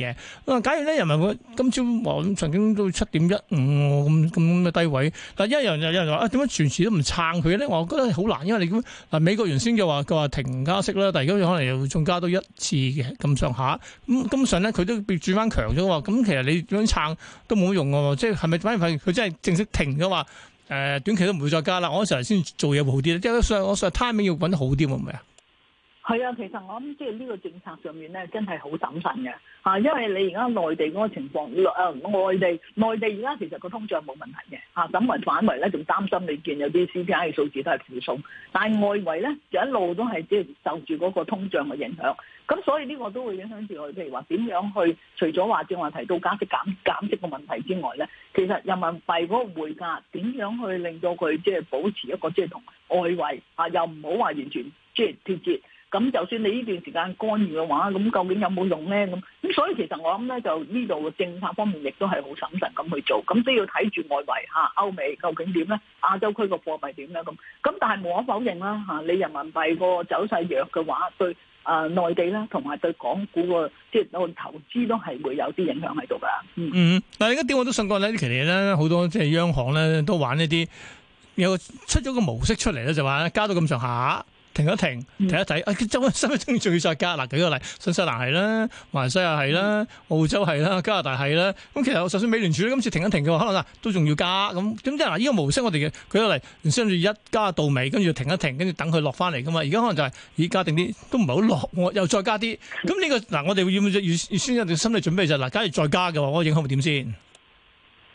嘢。假如咧人民幣今朝曾經都七點一五咁咁嘅低位，但一樣又有人話啊，點解全市都唔撐佢咧？我覺得好難，因為你咁嗱美國原先就話佢話停加息啦，但係而家可能又仲加多一次嘅咁、嗯、上下咁，加上咧佢都轉翻強咗。咁其實你點樣撐都冇乜用喎，即係係咪反而佢真係正式停咗話，誒短期都唔會再加啦。我嗰時候先做嘢會好啲，即係我想我想 timing 要揾好啲，會唔會啊？係啊，其實我諗即係呢個政策上面咧，真係好審慎嘅嚇，因為你而家內地嗰個情況，內誒內地內地而家其實個通脹冇問題嘅嚇，咁埋反而咧仲擔心你見有啲 CPI 嘅數字都係負數，但係外圍咧就一路都係即係受住嗰個通脹嘅影響，咁所以呢個都會影響住我哋，譬如話點樣去除咗話正話提到加息減減息嘅問題之外咧，其實人民幣嗰個匯價點樣去令到佢即係保持一個即係同外圍啊又唔好話完全即係脱節。咁就算你呢段時間干預嘅話，咁究竟有冇用咧？咁咁所以其實我諗咧，就呢度嘅政策方面亦都係好審慎咁去做。咁都要睇住外圍嚇、啊，歐美究竟點咧？亞洲區個貨幣點咧？咁咁但係無可否認啦嚇、啊，你人民幣個走勢弱嘅話，對啊、呃、內地咧，同埋對港股個即係按投資都係會有啲影響喺度噶。嗯嗯，但係而家點我都信過咧，啲企業咧好多即係央行咧都玩一啲有出咗個模式出嚟咧，就話加到咁上下。停一停，停一睇。嗯、啊，周生都仲要再加嗱，舉個例，新西蘭係啦，馬來西亞係啦，嗯、澳洲係啦，加拿大係啦。咁其實就算美聯儲咧，今次停一停嘅話，可能嗱都仲要加咁。咁即係嗱？依、這個模式我哋嘅舉個例，諗住一加到尾，跟住停一停，跟住等佢落翻嚟嘅嘛。而家可能就係、是、已加定啲，都唔係好落，我又再加啲。咁呢、這個嗱、啊，我哋要唔要先有啲心理準備就嗱、是，假如再加嘅話，我的影響會點先？誒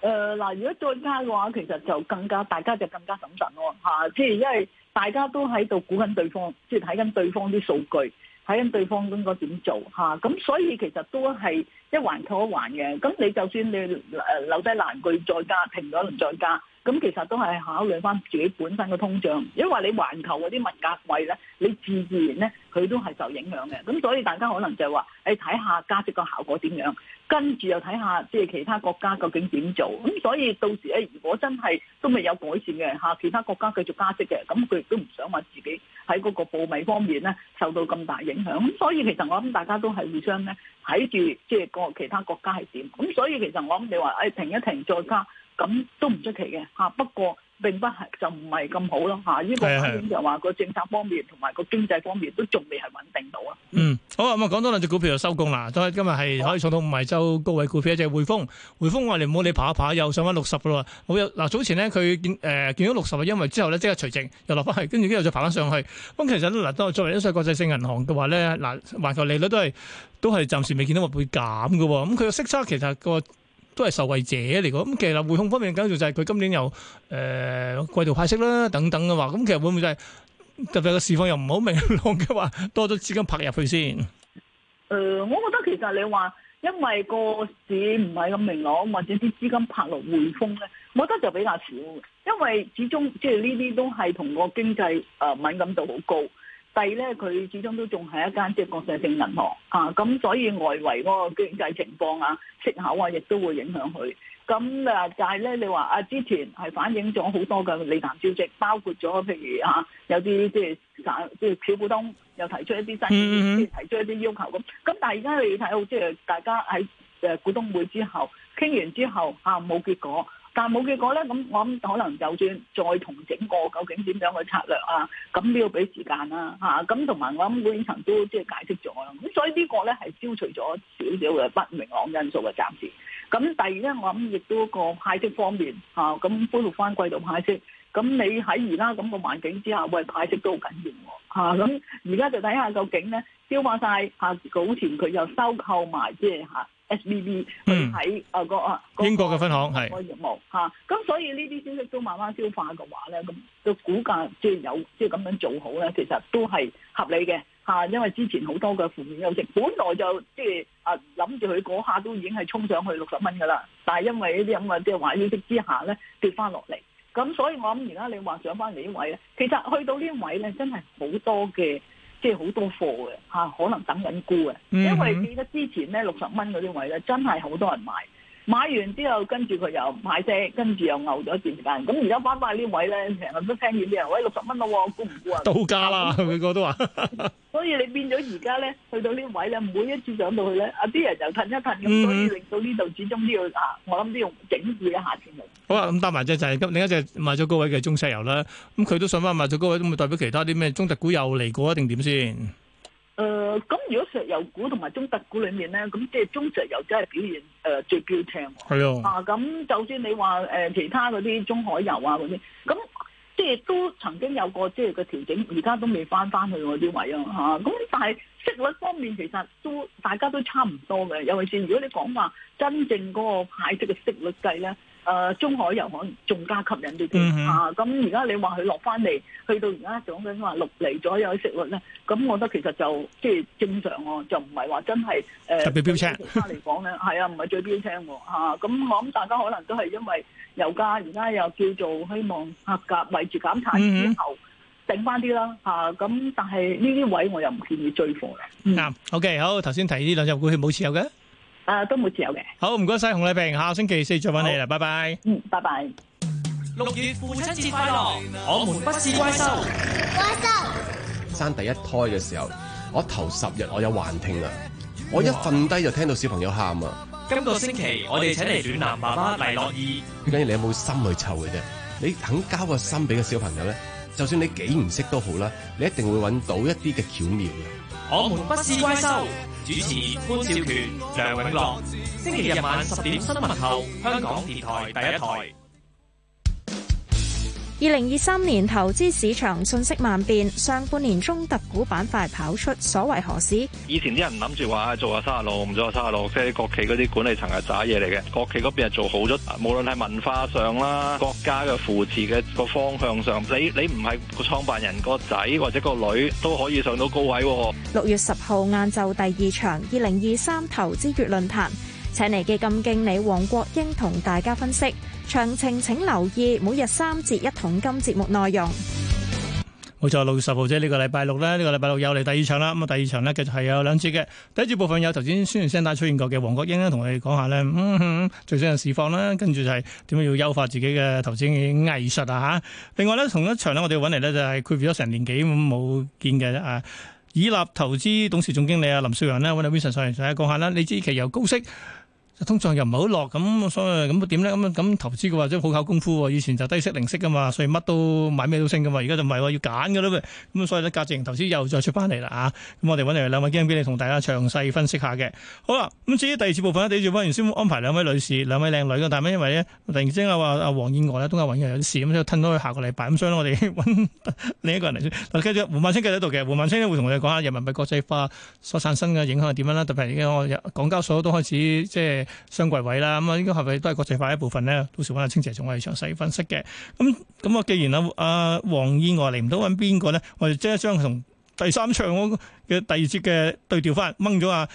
嗱、呃呃，如果再加嘅話，其實就更加大家就更加審慎咯嚇，即、啊、係因為。大家都喺度估緊對方，即係睇緊對方啲數據，睇緊對方應該點做吓，咁所以其實都係一環扣一環嘅。咁你就算你誒留低難句再加，停咗唔再加。咁其實都係考慮翻自己本身嘅通脹，因為你環球嗰啲物價貴咧，你自然咧佢都係受影響嘅。咁所以大家可能就係話，誒睇下加息個效果點樣，跟住又睇下即係其他國家究竟點做。咁所以到時咧，如果真係都未有改善嘅吓，其他國家繼續加息嘅，咁佢亦都唔想話自己喺嗰個貿易方面咧受到咁大影響。咁所以其實我諗大家都係互相咧睇住即係個其他國家係點。咁所以其實我諗你話誒、哎、停一停再加。咁都唔出奇嘅嚇，不過並不係就唔係咁好咯嚇。呢個反應就話個政策方面同埋個經濟方面都仲未係穩定到啊。嗯，好啊，咁講多兩隻股票就收工啦。都係今日係可以坐到五位周高位股票，一隻匯豐。匯豐我哋唔好理爬一爬又上翻六十嘅咯。好有嗱，早前咧佢見誒見到六十嘅因為之後咧，即刻除淨又落翻去，跟住之後就爬翻上去。咁其實嗱，作為一隻國際性銀行嘅話咧，嗱，環球利率都係都係暫時未見到會減嘅喎。咁佢個息差其實個。都係受惠者嚟嘅，咁其實匯控方面嘅感受就係佢今年又誒季度派息啦，等等嘅話，咁其實會唔會就係特別個市況又唔好明朗嘅話，多咗資金拍入去先？誒，我覺得其實你話因為個市唔係咁明朗，或者啲資金拍落匯豐咧，我覺得就比較少，因為始終即係呢啲都係同個經濟誒敏感度好高。第二咧，佢始終都仲係一間即係國際性銀行啊，咁所以外圍嗰個經濟情況啊、息口啊，亦都會影響佢。咁啊，但係咧，你話啊，之前係反映咗好多嘅利淡消息，包括咗譬如啊有啲即係即係小股東又提出一啲新議提出一啲要求咁。咁但係而家你睇好即係、就是、大家喺股東會之後傾完之後啊冇結果。但冇結果咧，咁我諗可能就算再同整個究竟點樣嘅策略啊，咁都要俾時間啦、啊，咁同埋我諗管理層都即係解釋咗啦，咁所以呢個咧係消除咗少少嘅不明朗因素嘅、啊、暫時。咁第二咧，我諗亦都個派息方面咁、啊、恢復翻季度派息，咁你喺而家咁個環境之下，喂派息都好緊要喎、啊，咁而家就睇下究竟咧消化曬嚇早前佢又收購埋即係嚇。啊 SBB 喺啊個啊英國嘅分行係個業務嚇，咁是、啊、所以呢啲消息都慢慢消化嘅話咧，咁個股價即係有即係咁樣做好咧，其實都係合理嘅嚇、啊，因為之前好多嘅負面消息，本來就即係啊諗住佢嗰下都已經係衝上去六十蚊噶啦，但係因為呢啲咁嘅即係壞消息之下咧跌翻落嚟，咁所以我諗而家你話上翻嚟呢位咧，其實去到呢位呢位咧真係好多嘅。即係好多貨嘅吓，啊，可能等緊沽嘅，因為記得之前咧六十蚊嗰啲位咧真係好多人買。買完之後，跟住佢又買車，跟住又牛咗一段時間。咁而家翻返呢位咧，成日都聽見啲人喂六十蚊咯，估唔估啊？猜猜到價啦，佢個都話。 所以你變咗而家咧，去到呢位咧，每一次上到去咧，啊啲人就褪一褪咁，所以令到呢度、嗯、始終都要啊，我諗都要整治一下先。好啦、啊，咁搭埋隻就係、是、今另一隻賣咗高位嘅、就是、中石油啦。咁佢都上翻賣咗高位，咁咪代表其他啲咩中特股又嚟過一定點先？誒，咁、呃、如果石油股同埋中特股裏面咧，咁即係中石油真係表現誒、呃、最標青。係、哦、啊。啊，咁就算你話誒、呃、其他嗰啲中海油啊嗰啲，咁即係都曾經有個即係個調整，而家都未翻翻去嗰啲位啊吓。咁但係息率方面，其實都大家都差唔多嘅。尤其是如果你講話真正嗰個派息嘅息率計咧，誒，中海油可能仲加吸引啲啲嚇。咁而家你話佢落翻嚟，去到而家講緊話六釐左右嘅息率咧，咁我覺得其實就即係正常喎，就唔係話真係誒特別標青嚟講咧，係啊，唔係最標青嚇。咁我諗大家可能都係因為油價而家又叫做希望合格維住減產之後整翻啲啦嚇。咁但係呢啲位我又唔建議追貨喇。嗱，OK，好，頭先提呢兩隻股冇持有嘅。誒、啊，都冇自由嘅。好，唔該晒，洪麗萍，下星期四再搵你啦，好拜拜。嗯，拜拜。六月父親節快樂，我們不是怪獸。怪獸。生第一胎嘅時候，我頭十日我有幻聽啊，我一瞓低就聽到小朋友喊啊。哇今個星期我哋請嚟暖男爸爸黎樂義。關 鍵你有冇心去湊嘅啫，你肯交個心俾個小朋友咧，就算你幾唔識都好啦，你一定會搵到一啲嘅巧妙。我們不是怪獸，主持潘少權、梁永樂，星期日晚十點新聞後，香港電台第一台。二零二三年投資市場瞬息萬變，上半年中特股板塊跑出，所為何事？以前啲人諗住話做下三十六，唔做下三十六，即係國企嗰啲管理層係渣嘢嚟嘅。國企嗰邊係做好咗，無論係文化上啦，國家嘅扶持嘅個方向上，你你唔係個創辦人個仔或者個女都可以上到高位。六月十號晏晝第二場二零二三投資月論壇，請嚟嘅基金經理黃國英同大家分析。詳情請留意每日三節一桶金節目內容。冇錯，老實這個、六月十號啫，呢、這個禮拜六咧，呢個禮拜六又嚟第二場啦。咁啊，第二場呢，繼續係有兩節嘅。第一節部分有頭先宣傳聲帶出現過嘅黃國英咧，同我哋講下呢，嗯哼、嗯，最新嘅示放啦，跟住就係點樣要優化自己嘅投資藝術啊吓。另外呢，同一場呢，我哋揾嚟呢，就係跨越咗成年幾冇見嘅啊，以立投資董事總經理啊林少陽咧，揾 Vinson 上嚟講下啦。你知其由高息。通脹又唔係好落咁，所以咁點咧？咁咁投資嘅話，真係好靠功夫喎。以前就低息零息噶嘛，所以乜都買咩都升噶嘛。而家就唔係喎，要揀嘅咯噃。咁所以咧，價值型投資又再出翻嚟啦嚇。咁、啊、我哋揾嚟兩位基金經理同大家詳細分析下嘅。好啦，咁至於第二次部分咧，你接方完先安排兩位女士、兩位靚女嘅。但係因為咧，突然之間話、阿黃燕娥咧，東亞銀行有啲事，咁就褪咗去下個禮拜。咁所以我哋揾另一個人嚟。嗱，跟住胡萬清繼續喺度嘅。胡萬清咧會同我哋講下人民幣國際化所產生嘅影響係點樣啦。特別係我港交所都開始即係。雙櫃位啦，咁啊應該係咪都係國際化一部分咧？到時揾阿清姐仲可以詳細分析嘅。咁咁啊，既然啊啊黃燕外嚟唔到，揾邊個咧？我哋即將同第三場嘅第二節嘅對調返，掹咗阿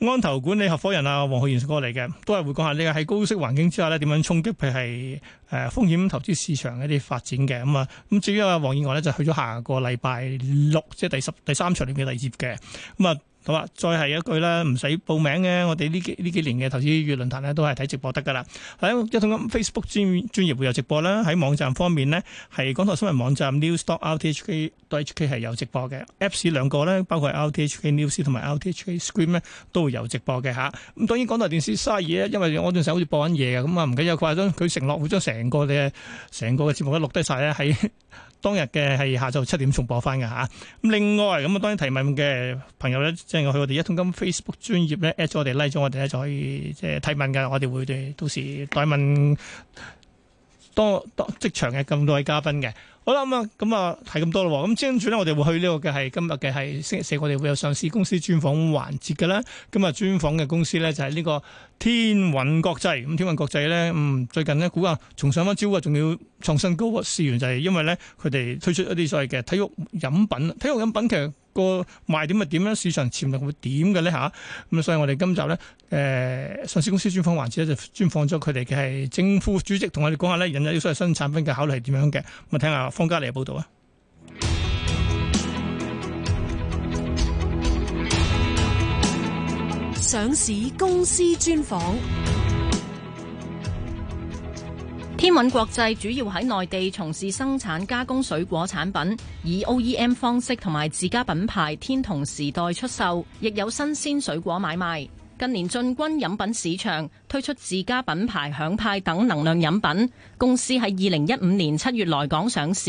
安投管理合伙人阿、啊、黃浩然過嚟嘅，都係會講下呢個喺高息環境之下咧點樣衝擊係，譬如係誒風險投資市場嘅一啲發展嘅。咁啊，咁至於阿黃燕外咧，就去咗下個禮拜六，即、就係、第十第三場嘅第二節嘅。咁啊。好啊！再係一句啦，唔使報名嘅。我哋呢幾呢幾年嘅投資語論壇咧，都係睇直播得噶啦。喺一桶金 Facebook 專專頁會有直播啦。喺網站方面咧，係港台新聞網站 News dot R T H K dot H K 係有直播嘅。Apps 兩個咧，包括係 R T H K News 同埋 R T H K Screen 咧，都會有直播嘅嚇。咁當然港台電視嘥嘢啊，因為我嗰陣時好似播緊嘢嘅，咁啊唔緊要。佢話將佢承諾會將成個嘅成個嘅節目都錄低曬咧，喺當日嘅係下晝七點重播翻嘅嚇。咁另外咁啊，當然提問嘅朋友咧。因我哋一桶金 Facebook 專頁咧 at 咗我哋 like 咗我哋咧，就可以即係提問嘅，我哋會哋到時代問多多職場嘅咁多位嘉賓嘅。好啦咁啊，咁啊，睇咁多啦喎。咁跟住咧，我哋會去呢個嘅係今日嘅係星期四，我哋會有上市公司專訪環節嘅啦。今日專訪嘅公司咧就係、是、呢個天韻國際。咁天韻國際咧，嗯，最近呢，股價重上翻朝啊，仲要創新高啊。試完就係、是、因為咧佢哋推出一啲所謂嘅體育飲品。體育飲品其實個賣點係點咧？市場潛力會點嘅咧吓，咁、啊嗯、所以我哋今集咧，誒、呃、上市公司專訪環節咧就專訪咗佢哋嘅係政府主席同我哋講下咧引入啲所謂新產品嘅考慮係點樣嘅。咁、嗯、啊，聽下。方家嚟報道啊！上市公司專訪，天允國際主要喺內地從事生產加工水果產品，以 OEM 方式同埋自家品牌天同時代出售，亦有新鮮水果買賣。近年進軍飲品市場，推出自家品牌響派等能量飲品。公司喺二零一五年七月來港上市，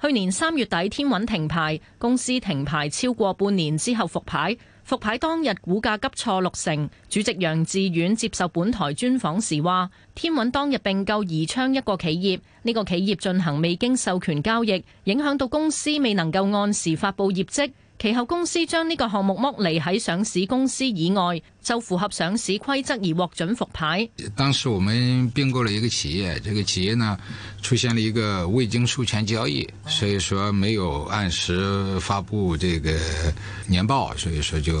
去年三月底天韻停牌，公司停牌超過半年之後復牌，復牌當日股價急挫六成。主席楊志遠接受本台專訪時話，天韻當日並購宜昌一個企業，呢、這個企業進行未經授權交易，影響到公司未能夠按時發布業績。其後公司將呢個項目剝離喺上市公司以外，就符合上市規則而獲准復牌。當時我們並購了一個企業，這個企業呢出現了一個未經授權交易，所以說沒有按時發布這個年報，所以說就。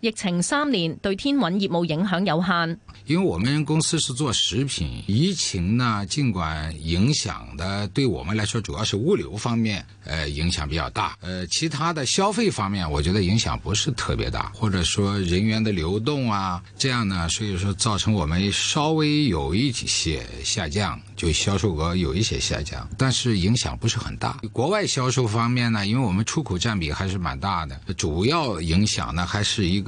疫情三年對天文業務影響有限，因為我們公司是做食品，疫情呢儘管影響的，對我們來說主要是物流方面，呃，影響比較大，呃，其他的消費方面我覺得影響不是特別大，或者說人員的流動啊，這樣呢，所以說造成我們稍微有一些下降，就銷售額有一些下降，但是影響不是很大。國外銷售方面呢，因為我們出口佔比還是蠻大的，主要影響呢還是一個。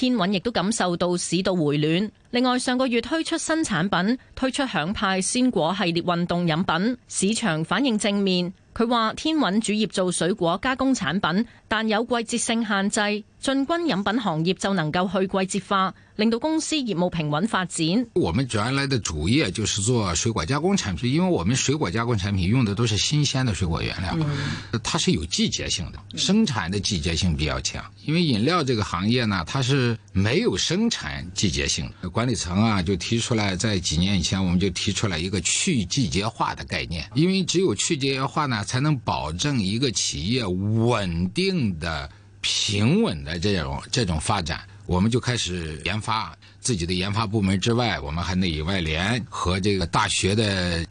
天韻亦都感受到市道回暖。另外，上個月推出新產品，推出響派鮮果系列運動飲品，市場反應正面。佢話：天韻主業做水果加工產品，但有季節性限制。進軍飲品行業就能夠去季節化，令到公司業務平穩發展。我們原來的主業就是做水果加工產品，因為我們水果加工產品用的都是新鮮的水果原料，它是有季節性的，生產的季節性比較強。因為飲料這個行業呢，它是沒有生產季節性的。管理層啊就提出來，在幾年以前我們就提出來一個去季節化的概念，因為只有去季節化呢，才能保證一個企業穩定的。平穩的這種這種發展，我們就開始研發自己的研發部門之外，我們還得以外聯和這個大學的。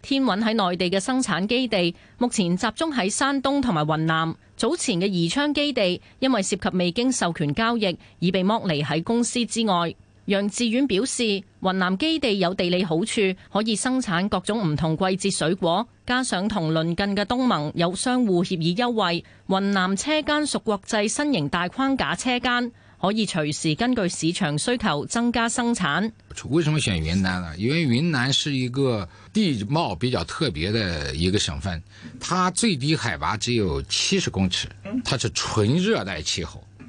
天韻喺內地嘅生產基地目前集中喺山東同埋雲南。早前嘅宜昌基地因為涉及未經授權交易，已被剝離喺公司之外。楊志遠表示，雲南基地有地理好處，可以生產各種唔同季節水果，加上同鄰近嘅東盟有相互協議優惠。雲南車間屬國際新型大框架車間。可以隨時根據市場需求增加生產。為什麼選雲南呢？因為雲南是一個地貌比較特別的一個省份，它最低海拔只有七十公尺，它是純熱帶氣候。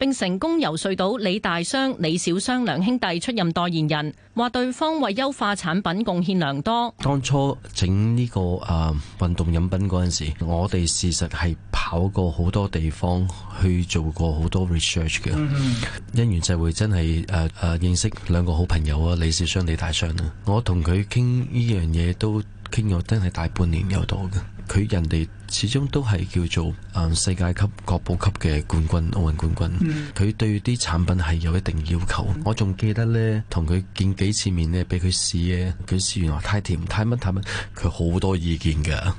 並成功遊說到李大商、李小商兩兄弟出任代言人，話對方為優化產品貢獻良多。當初整呢個誒運動飲品嗰陣時候，我哋事實係跑過好多地方去做過好多 research 嘅。Mm hmm. 因緣際會真係誒誒認識兩個好朋友啊，李小商、李大商啊。我同佢傾呢樣嘢都。傾我真係大半年有到嘅，佢人哋始終都係叫做世界級、國寶級嘅冠軍、奧運冠軍。佢對啲產品係有一定要求。我仲記得呢，同佢見幾次面呢，俾佢試嘢。佢試完話太甜、太乜、太乜，佢好多意見嘅。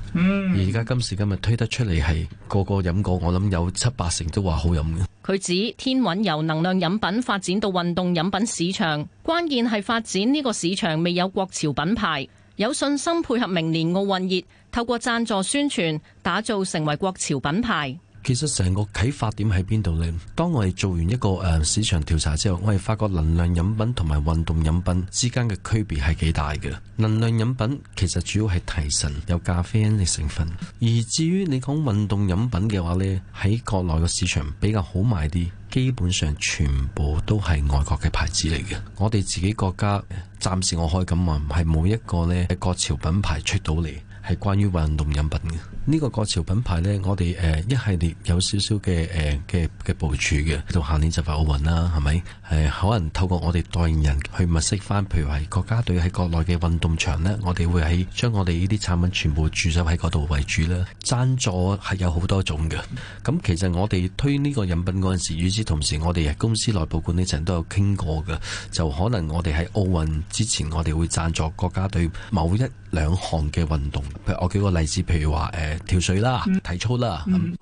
而家今時今日推得出嚟係個個飲過，我諗有七八成都話好飲嘅。佢指天允由能量飲品發展到運動飲品市場，關鍵係發展呢個市場未有國潮品牌。有信心配合明年奧運熱，透過贊助宣傳打造成為國潮品牌。其實成個啟發點喺邊度呢？當我哋做完一個誒市場調查之後，我哋發覺能量飲品同埋運動飲品之間嘅區別係幾大嘅。能量飲品其實主要係提神，有咖啡因嘅成分。而至於你講運動飲品嘅話呢，喺國內嘅市場比較好賣啲。基本上全部都係外國嘅牌子嚟嘅，我哋自己國家暫時我可以咁話，係冇一個呢係國潮品牌出到嚟，係關於運動飲品嘅。呢個國潮品牌呢，我哋誒一系列有少少嘅誒嘅嘅部署嘅，到下年就發奧運啦，係咪？係可能透過我哋代言人去物色翻，譬如話國家隊喺國內嘅運動場呢，我哋會喺將我哋呢啲產品全部駐守喺嗰度為主啦。贊助係有好多種嘅，咁其實我哋推呢個飲品嗰陣時，與此同時，我哋公司內部管理層都有傾過嘅，就可能我哋喺奧運之前，我哋會贊助國家隊某一兩項嘅運動。譬如我舉個例子，譬如話誒。跳水啦，體、嗯、操啦。嗯嗯、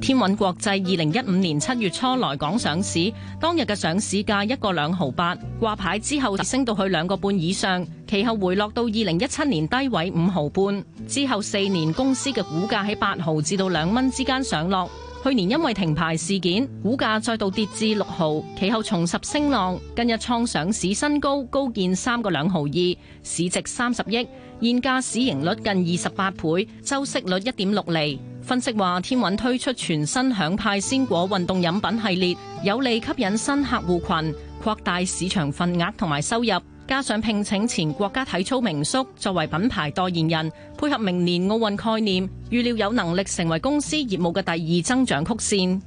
天韻國際二零一五年七月初來港上市，當日嘅上市價一個兩毫八，掛牌之後升到去兩個半以上，其後回落到二零一七年低位五毫半，之後四年公司嘅股價喺八毫至到兩蚊之間上落。去年因為停牌事件，股價再度跌至六毫，其後重拾升浪，近日創上市新高，高見三個兩毫二，市值三十億，現價市盈率近二十八倍，周息率一點六厘。分析話，天韻推出全新響派鮮果運動飲品系列，有利吸引新客戶群，擴大市場份額同埋收入。加上聘請前國家體操名宿作為品牌代言人，配合明年奧運概念，預料有能力成為公司業務嘅第二增長曲線。